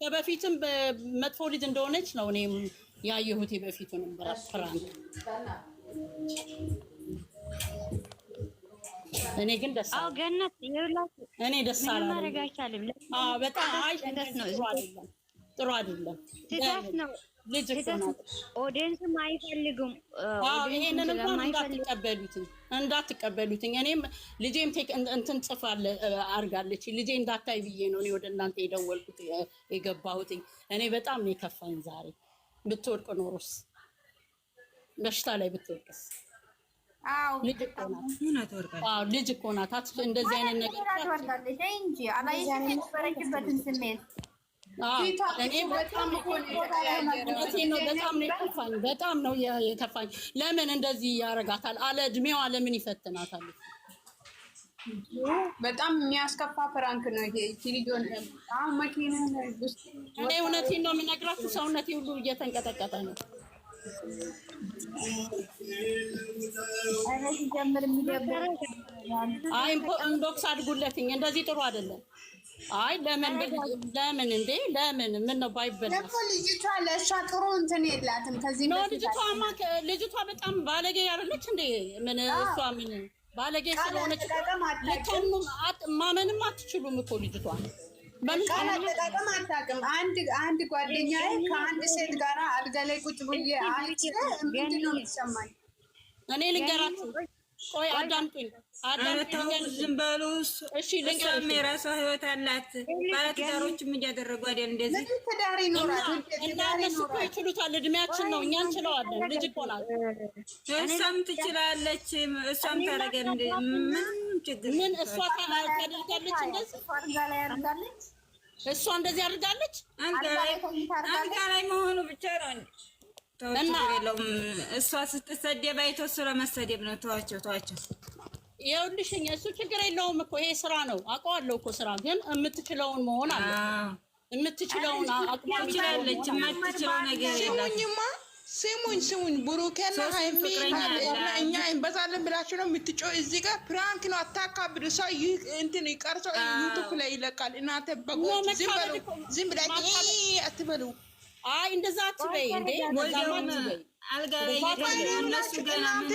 ከበፊትም መጥፎ ልጅ እንደሆነች ነው እኔም ያየሁት። በፊቱንም ፕራንክ እኔ ግን ደስ ገነት እኔ ደስ አዎ፣ በጣም አይ፣ ደስ ነው። ጥሩ አይደለም፣ ጥሩ አይደለም ነው ልጅ ኦዲየንስም አይፈልግም። ይሄንን እንኳን እንዳትቀበሉትኝ እንዳትቀበሉትኝ እኔም ልጄም እንትን ጽፋለ አድርጋለች ልጄ እንዳታይ ብዬ ነው እኔ ወደ እናንተ የደወልኩት የገባሁትኝ። እኔ በጣም ነው የከፋኝ ዛሬ። ብትወድቅ ኖሮስ በሽታ ላይ ብትወድቅስ? ልጅ እኮ ናት፣ እንደዚህ አይነት ነገር አላየችም የነበረችበትን ስሜት እኔ በጣም በጣም ነው የከፋኝ። በጣም ነው የከፋኝ። ለምን እንደዚህ ያደርጋታል? አለ እድሜዋ ለምን ይፈትናታል? በጣም የሚያስከፋ ፕራንክ ነው ይሄ። እኔ እውነቴን ነው የምነግራችሁ፣ ሰውነቴ ሁሉ እየተንቀጠቀጠ ነው። አይ ኢንቦክስ አድርጉለትኝ። እንደዚህ ጥሩ አይደለም። አይ ለምን ለምን እንዴ ለምን ምን ነው ባይበላ እኮ ልጅቷ ለእሷ ጥሩ እንትን የላትም። ከዚህ ነው ልጅቷ ማ ልጅቷ በጣም ባለጌ ያለች እንዴ ምን እሷ ምን ባለጌ ስለሆነች ለተም ማመንም አትችሉም እኮ ልጅቷ ቃል አጠቃቀም አታውቅም። አንድ አንድ ጓደኛዬ ከአንድ ሴት ጋራ አልጋ ላይ ቁጭ ብዬ አልቼ ምንድን ነው የሚሰማኝ እኔ ልንገራችሁ ቆይ አዳምጡኝ፣ አዳምጡኝ። ዝም በሉ። እሺ ልንገራችሁ፣ የራሷ ህይወት አላት። ባለትዳሮችም እያደረጉ አይደል እንደዚህ ትዳር ይኖራል እነሱ እኮ ይችሉታል። እድሜያችን ነው፣ እኛ እንችለዋለን። ልጅ እኮ ናት፣ እሷም ትችላለች። እሷም ታደርገ ምንም ችግር ምን እሷ ታደርጋለች፣ እንደዚህ እሷ እንደዚህ አድርጋለች። አልጋ ላይ መሆኑ ብቻ ነው እና እሷ ስትሰደብ አይቶ እሱ ለመሰደብ ነው። ተዋቸው ተዋቸው። ይኸውልሽ እሱ ችግር የለውም እኮ ይሄ ስራ ነው አውቀዋለሁ እኮ ስራ ግን የምትችለውን መሆን አለ የምትችለውን አቅማችላለች። የማትችለው ነገር ስሙኝማ፣ ስሙኝ ስሙኝ፣ ብሩኬና ሀይሚ እኛ እንበዛለን ብላችሁ ነው የምትጮው እዚህ ጋር ፕራንክ ነው። አታካብዱ። ሰው እንትን ይቀርሰው ዩቱብ ላይ ይለቃል። እናንተ በጎ ዝም ብላ አትበሉ። አይ እንደዛ አትበይ እንዴ! አልጋ ላይ እናንተ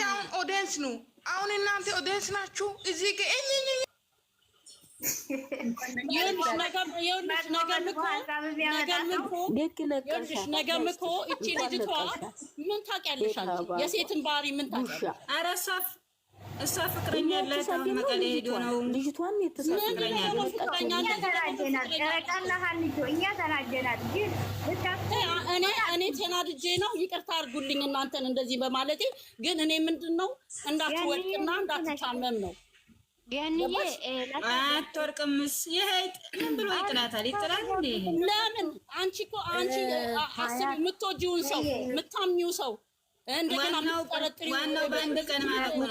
አሁን ኦዲየንስ ነው። አሁን እናንተ ኦዲየንስ ናችሁ። እዚህ ጋ ነገም እኮ እቺ ልጅቷ ምን ታውቂያለሽ? የሴትን ባህሪ ምን ታውቂያለሽ? እሷ ፍቅረኛ ያላት ልጅቷን የተሳፍቅረኛ እኔ ተናድጄ ነው ይቅርታ አድርጉልኝ እናንተን እንደዚህ በማለቴ። ግን እኔ ምንድን ነው እንዳትወድቅና እንዳትታመም ነው። አትወርቅምስ ይሄ ብሎ ይጥላታል። ይጥላል ለምን? አንቺ እኮ አንቺ አስቢ፣ የምትወጂውን ሰው የምታምኚው ሰው እንደገና ዋናው በአንድ ቀን ማለት ነው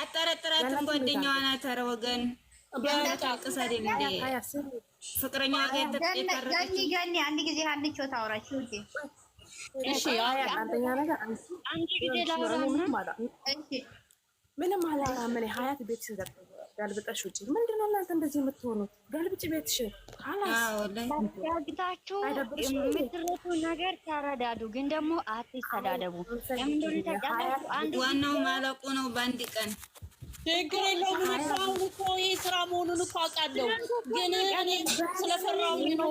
አጠረጥራትም ጓደኛዋ ናት። ኧረ ወገን ምንም አላወራም ሀያት ቤት ስንገባ ጋልብጠሽ ውጭ። ምንድን ነው እናንተ እንደዚህ የምትሆኑት? ገልብጭ ቤትሽ ታግታችሁ የምትረቱ ነገር ተረዳዱ፣ ግን ደግሞ አትስተዳደቡ። ለምንድን ዋናው ማለቁ ነው። በአንድ ቀን ችግር የለውም እኮ ይህ ስራ መሆኑን እኮ አውቃለሁ፣ ግን እኔ ስለፈራሁኝ ነው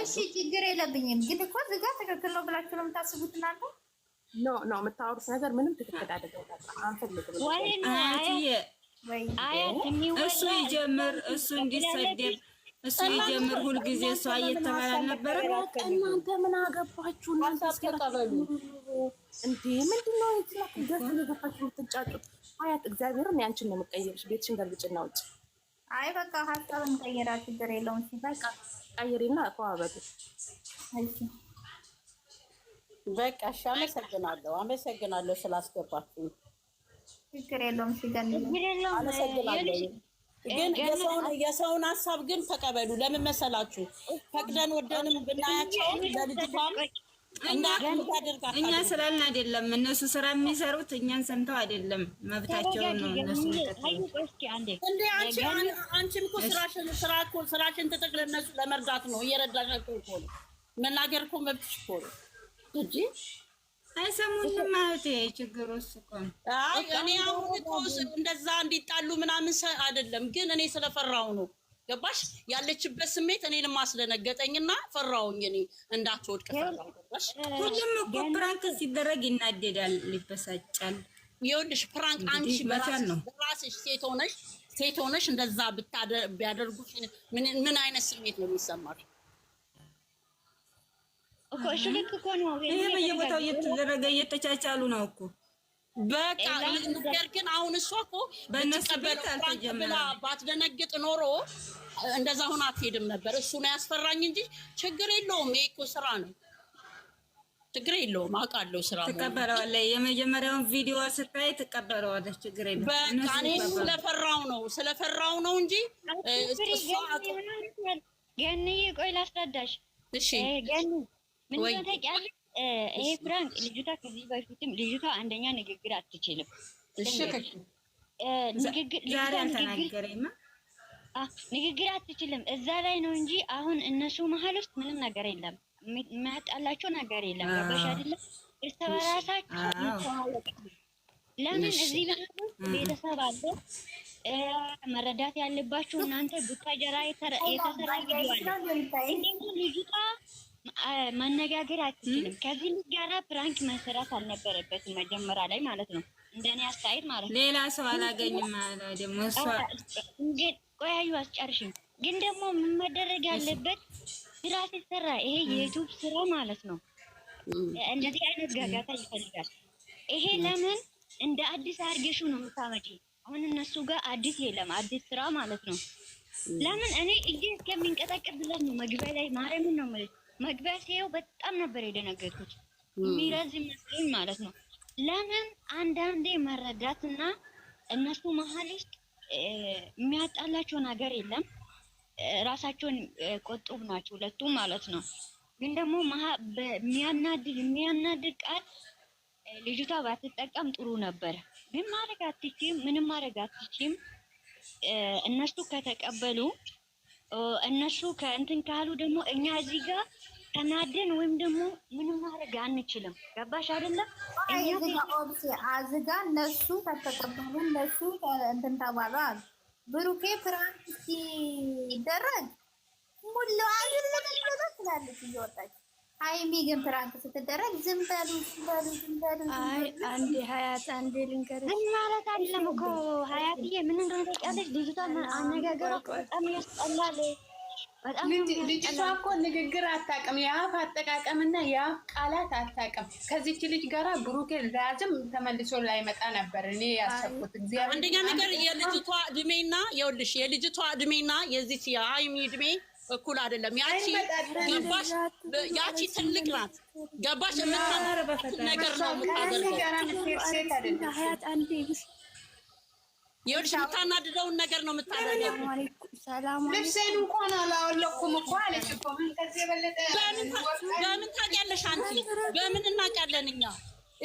እሺ ችግር የለብኝም። ግን እኮ ዝጋ ጋር ትክክል ነው ብላችሁ ነው የምታስቡት እናንተ። ኖ ኖ የምታወሩት ነገር ምንም ትክክል አይደለም። እሱ ይጀምር፣ እሱ እንዲሰደብ፣ እሱ ይጀምር። ሁልጊዜ እሷ እየተባለ ነበረ። እናንተ ምን አገባችሁ? እናንተ አስቀበሉ እንዴ! ምንድን ነው የገፋችሁ የምትጫጩት? አያት እግዚአብሔርን ያንችን ነው የምቀይርሽ። ቤትሽን ገልብጭና ውጭ አይ በቃ ሀሳብ እንቀይራ፣ ችግር የለውም። በቃ ቀይሪና ተዋበቁ። በቃ እሺ፣ አመሰግናለሁ፣ አመሰግናለሁ ስላስገባችሁ። ችግር የለውም። አመሰግናለሁ። ግን የሰውን ሀሳብ ግን ተቀበሉ። ለምን መሰላችሁ? ፈቅደን ወደንም ብናያቸው ለልጅቷም እኛ ስላልን አይደለም እነሱ ስራ የሚሰሩት እኛን ሰምተው አይደለም። መብታቸው ነው። አንቺም እኮ ስራሽን ትጥቅል እነሱ ለመርዳት ነው። እየረዳሻቸው እኮ ነው። መናገር እኮ መብትሽ እኮ ነው አይሰሙንም። እህቴ ችግሩ እሱ እኮ ነው። እኔ አሁን እንደዛ እንዲጣሉ ምናምን አይደለም፣ ግን እኔ ስለፈራው ነው ገባሽ? ያለችበት ስሜት እኔንም አስደነገጠኝና ፈራውኝ። እኔ እንዳትወድቅ ፈራው። ሁሉም እኮ ፕራንክ ሲደረግ ይናደዳል፣ ይበሳጫል። ይኸውልሽ ፕራንክ አንቺ በራስሽ ሴት ሆነሽ ሴት ሆነሽ እንደዛ ቢያደርጉሽ ምን አይነት ስሜት ነው የሚሰማሽ? እኮ እሺ እኮ ነው። ይሄ በየቦታው እየተደረገ እየተቻቻሉ ነው እኮ በቃ ነገር ግን አሁን እሷ እኮ ብላ ባትደነግጥ ኖሮ እንደዛ አሁን አትሄድም ነበር። እሱ ነው ያስፈራኝ እንጂ ችግር የለውም። ይሄ እኮ ስራ ነው፣ ችግር የለውም። አውቃለሁ ስራ ትቀበለዋለች። የመጀመሪያውን ቪዲዮ ስታይ ትቀበለዋለች። ችግር የለውም። በቃ እኔ ስለፈራው ነው ስለፈራው ነው እንጂ ገንዬ፣ ቆይ ላስረዳሽ። እሺ ገኒ ምን ታውቂያለሽ? ይሄ ፍራንክ ልጅቷ ከዚህ በፊትም ልጅቷ አንደኛ ንግግር አትችልም። ንግግር አትችልም እዛ ላይ ነው እንጂ አሁን እነሱ መሀል ውስጥ ምንም ነገር የለም፣ የሚያጣላቸው ነገር የለም። ገባሽ አይደለም? እርስ በራሳቸው ለምን እዚህ ቤተሰብ አለ መረዳት ያለባችሁ እናንተ ቡታጀራ የተሰራ ቪዲዮ አለ ልጅቷ መነጋገር አትችልም። ከዚህ ልጅ ጋራ ፕራንክ መሰራት አልነበረበትም መጀመሪያ ላይ ማለት ነው። እንደኔ አስተያየት ማለት ነው። ሌላ ሰው አላገኝም አለ ደግሞ ቆያዩ አስጨርሽም። ግን ደግሞ ምን መደረግ ያለበት ስራ ሲሰራ ይሄ የዩቱብ ስራ ማለት ነው እንደዚህ አይነት ጋጋታ ይፈልጋል። ይሄ ለምን እንደ አዲስ አድርገሽው ነው የምታመጪ? አሁን እነሱ ጋር አዲስ የለም አዲስ ስራ ማለት ነው። ለምን እኔ እጅ እስከሚንቀጠቅጥ ድረስ ነው መግቢያ ላይ ማርያምን ነው የምልሽ መግቢያ ው በጣም ነበር የደነገጥኩት። የሚረዝ መስሎኝ ማለት ነው። ለምን አንዳንዴ መረዳትና እነሱ መሀል ውስጥ የሚያጣላቸው ነገር የለም። ራሳቸውን ቆጡብ ናቸው ሁለቱም ማለት ነው። ግን ደግሞ በሚያናድድ የሚያናድድ ቃል ልጅቷ ባትጠቀም ጥሩ ነበር። ግን ማድረግ አትችም፣ ምንም ማድረግ አትችም። እነሱ ከተቀበሉ እነሱ ከእንትን ካሉ ደግሞ እኛ እዚህ ጋር ተናደን ወይም ደግሞ ምንም ማድረግ አንችልም። ገባሽ አይደለም? አዝጋ እነሱ ከተቀበሉ እነሱ እንትን ተባሉ አሉ ብሩኬ ፕራንክ ሲደረግ ሙሉ አይደለም ትላለች እየወጣች ሀይሚ ግን ፕራንክ ስትደረግ ዝም በሉ ዝም በሉ ዝም በሉ። አይ አንዴ ሀያት አንዴ ልንገርሽ ምን ማለት አይደለም እኮ ሀያትዬ፣ ምን እንደሆነ ታውቂያለሽ? ልጅቷ አነጋገሯ በጣም ያስጠላል። ልጅቷ እኮ ንግግር አታውቅም። የአፍ አጠቃቀምና የአፍ ቃላት አታውቅም። ከዚች ልጅ ጋራ ብሩኬ ላዝም ተመልሶ ላይመጣ ነበር እኔ ያሰብኩት። እግዚአብሔር አንደኛ ነገር የልጅቷ እድሜና ይኸውልሽ የልጅቷ እድሜና የዚች የሀይሚ እድሜ እኩል አይደለም። ያቺ ገባሽ፣ ያቺ ትልቅ ናት። ገባሽ? ነገር ነው የምታደርገው። ይኸውልሽ፣ የምታናድደውን ነገር ነው የምታደርገው። ልብሴን እንኳን አላወለኩም እኮ አለች እኮ። በምን ታውቂያለሽ አንቺ? በምን እናውቂያለን እኛ?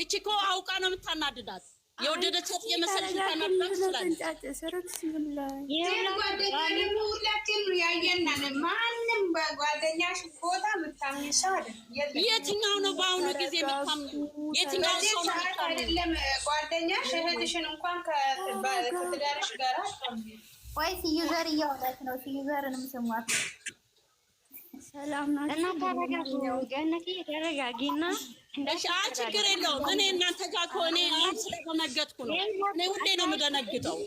እቺ እኮ አውቃ ነው የምታናድዳት የወደደቻት የመሰለሽ ታናብራት የትኛው ነው በአሁኑ ጊዜ የምታምኝ? የትኛው ሰው ነው አይደለም? ጓደኛሽ እህትሽን እንኳን ከትዳርሽ ጋር ወይስ ዩዘር እያወራች ነው? ዩዘርንም ስሟት እና ተረጋጊ እናንተ ጋር ከሆነ አሁን ስለተመገጥኩ ነው። የምደነግጠው።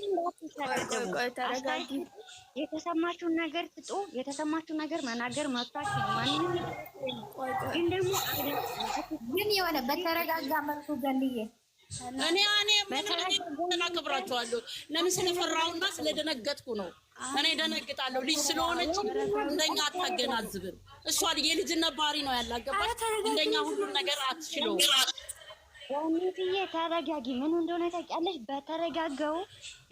የተሰማችሁን ነገር ስጡ። የተሰማችሁን ነገር መናገር መብታችሁ ነው። ማንንም ደግሞ ግን የሆነ በተረጋጋ መልኩ ገልዬ እኔ እኔ ምን አክብራችኋለሁ። ለምን ስለፈራሁና ስለደነገጥኩ ነው እኔ ደነግጣለሁ። ልጅ ስለሆነች እንደኛ አታገናዝብም። እሷ የልጅነት ባህሪ ነው ያላገባች። እንደኛ ሁሉም ነገር አትችለውም። ወንድዬ ተረጋጊ። ምን እንደሆነ ታውቂያለሽ። በተረጋጋው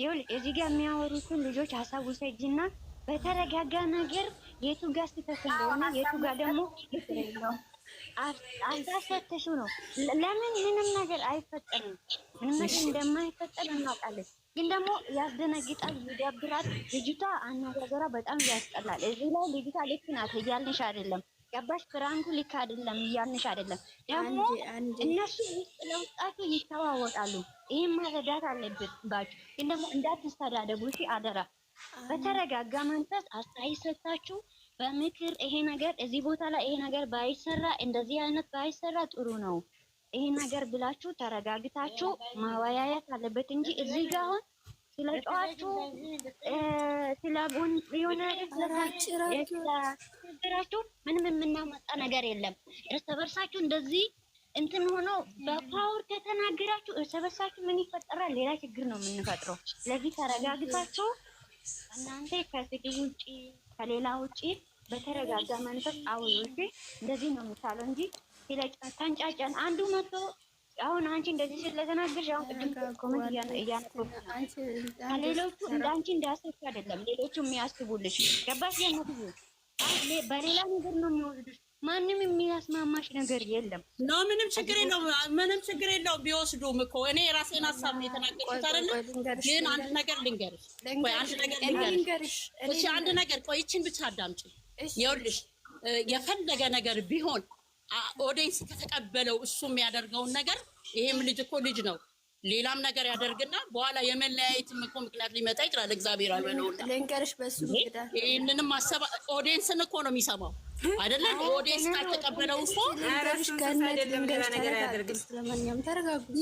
ይሁን እዚህ ጋር የሚያወሩትን ልጆች ሀሳብ ውሰጂና በተረጋጋ ነገር የቱ ጋር ስህተት እንደሆነ የቱ ጋር ደግሞ አልታሰተሹ ነው። ለምን ምንም ነገር አይፈጠርም። ምንም ነገር እንደማይፈጠር እናውቃለን። ግን ደግሞ ያስደነግጣል፣ ይደብራል። ልጅቷ አነጋገሯ በጣም ያስጠላል። እዚህ ላይ ልጅቷ ልክ ናት እያልንሽ አይደለም፣ ገባሽ? ፍራንኩ ልክ አይደለም እያልንሽ አይደለም። ደግሞ እነሱ ውስጥ ለውስጣቸው ይተዋወጣሉ። ይህም መረዳት አለባችሁ። ግን ደግሞ እንዳትስተዳደቡ እሺ፣ አደራ። በተረጋጋ መንፈስ አስተያየት ሰጥታችሁ በምክር ይሄ ነገር እዚህ ቦታ ላይ ይሄ ነገር ባይሰራ እንደዚህ አይነት ባይሰራ ጥሩ ነው ይሄ ነገር ብላችሁ ተረጋግታችሁ ማወያየት አለበት እንጂ እዚህ ጋር አሁን ስለጨዋችሁ ስለጎን የሆነ ስለራችሁ ምንም የምናመጣ ነገር የለም። እርስ በርሳችሁ እንደዚህ እንትን ሆኖ በፓወር ከተናገራችሁ እርስ በርሳችሁ ምን ይፈጠራል? ሌላ ችግር ነው የምንፈጥረው። ስለዚህ ተረጋግታችሁ እናንተ ከስቂ ውጪ ከሌላ ውጪ በተረጋጋ መንፈስ አውሩ። እንደዚህ ነው የሚቻለው እንጂ ይለጫል ተንጫጫን። አንዱ መቶ አሁን አንቺ እንደዚህ ስለተናገርሽ አሁን ቅድም ኮመንት እያነበብኩ ሌሎቹ እንደ አንቺ እንዳያስቡ አይደለም፣ ሌሎቹ የሚያስቡልሽ ገባሽ? ያነት በሌላ ነገር ነው የሚወስዱሽ። ማንም የሚያስማማሽ ነገር የለም። ኖ ምንም ችግር የለው፣ ምንም ችግር የለው። ቢወስዱም እኮ እኔ የራሴን ሀሳብ ነው የተናገርኩት አይደለ? ግን አንድ ነገር ልንገርሽ፣ ቆይ አንድ ነገር ልንገርሽ። እሺ አንድ ነገር ቆይ፣ ብቻ አዳምጪ። ይኸውልሽ የፈለገ ነገር ቢሆን ኦዲንስ ከተቀበለው እሱ የሚያደርገውን ነገር ይሄም ልጅ እኮ ልጅ ነው ሌላም ነገር ያደርግና በኋላ የመለያየት እኮ ምክንያት ሊመጣ ይችላል። እግዚአብሔር አልሆነውና ይህንንም ማሰብ ኦዲየንስን እኮ ነው የሚሰማው። አይደለም ኦዴስ ካልተቀበለው እኮ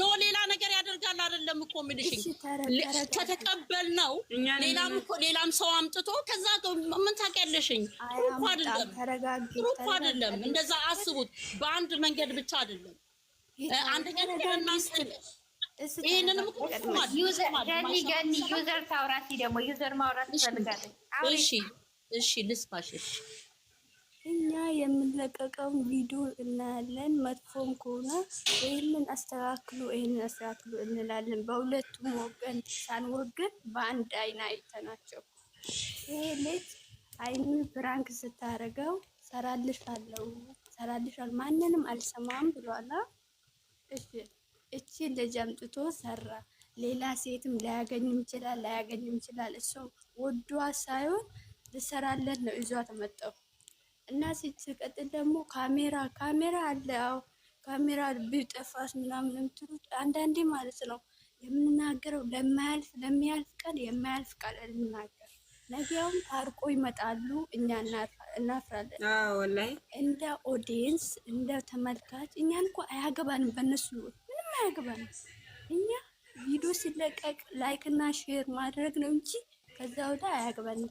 ኖ ሌላ ነገር ያደርጋል። አይደለም እኮ የምልሽ ከተቀበልነው ሌላም እኮ ሌላም ሰው አምጥቶ ከዛ ምን ታውቂያለሽኝ? ጥሩ እኮ አይደለም፣ ጥሩ እኮ አይደለም። እንደዛ አስቡት። በአንድ መንገድ ብቻ አይደለም። አንደኛ ይህንንም ዩዘር ታውራሲ ደግሞ ዩዘር ማውራት ትፈልጋለች። እሺ እሺ ልስማሽ። እሺ እኛ የምንለቀቀውን ቪዲዮ እናያለን። መጥፎም ከሆነ ይህንን አስተካክሉ፣ ይህንን አስተካክሉ እንላለን። በሁለቱም ወገን ሳንወገን በአንድ አይን አይተናቸው ይሄ ልጅ አይኑ ብራንክ ስታደርገው ሰራልሽ አለው ማንንም አልሰማም ብሏላ። እሺ እቺ ልጅ አምጥቶ ሰራ። ሌላ ሴትም ላያገኝም ይችላል ላያገኝም ይችላል። እሱ ወዷ ሳይሆን ልሰራለን ነው ይዟት መጣው እና ሲቀጥል ደግሞ ካሜራ ካሜራ አለ። አዎ ካሜራ ቢጠፋስ ምናምን የምትሉት አንዳንዴ ማለት ነው የምናገረው ለማያልፍ ለሚያልፍ ቀን የማያልፍ ቃል እንናገር። ነገውም ታርቆ ይመጣሉ። እኛ እናፍራለን። ወላሂ እንደ ኦዲየንስ እንደ ተመልካች እኛን እኮ አያገባንም፣ በእነሱ ምንም አያገባንም። እኛ ቪዲዮ ሲለቀቅ ላይክ እና ሼር ማድረግ ነው እንጂ ከዛ ወዲያ አያገባንም።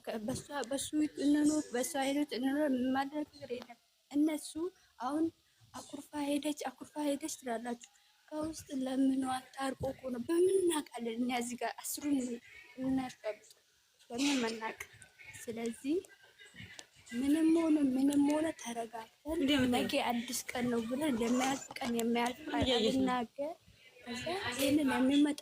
በሱ እንኑር፣ በሱ አይነት ነገር የለም። እነሱ አሁን አኩርፋ ሄደች፣ አኩርፋ ሄደች ትላላችሁ። ከውስጥ ለምኗ እኮ ነው። በምን እናውቃለን እኛ እዚህ ጋር አስሩን በምን መናቅ። ስለዚህ ምንም ሆነ ምንም ሆነ ተረጋግተን ነገ አዲስ ቀን ነው ብለን ለሚያልፍ ቀን የሚያልፍ ይህንን የሚመጣ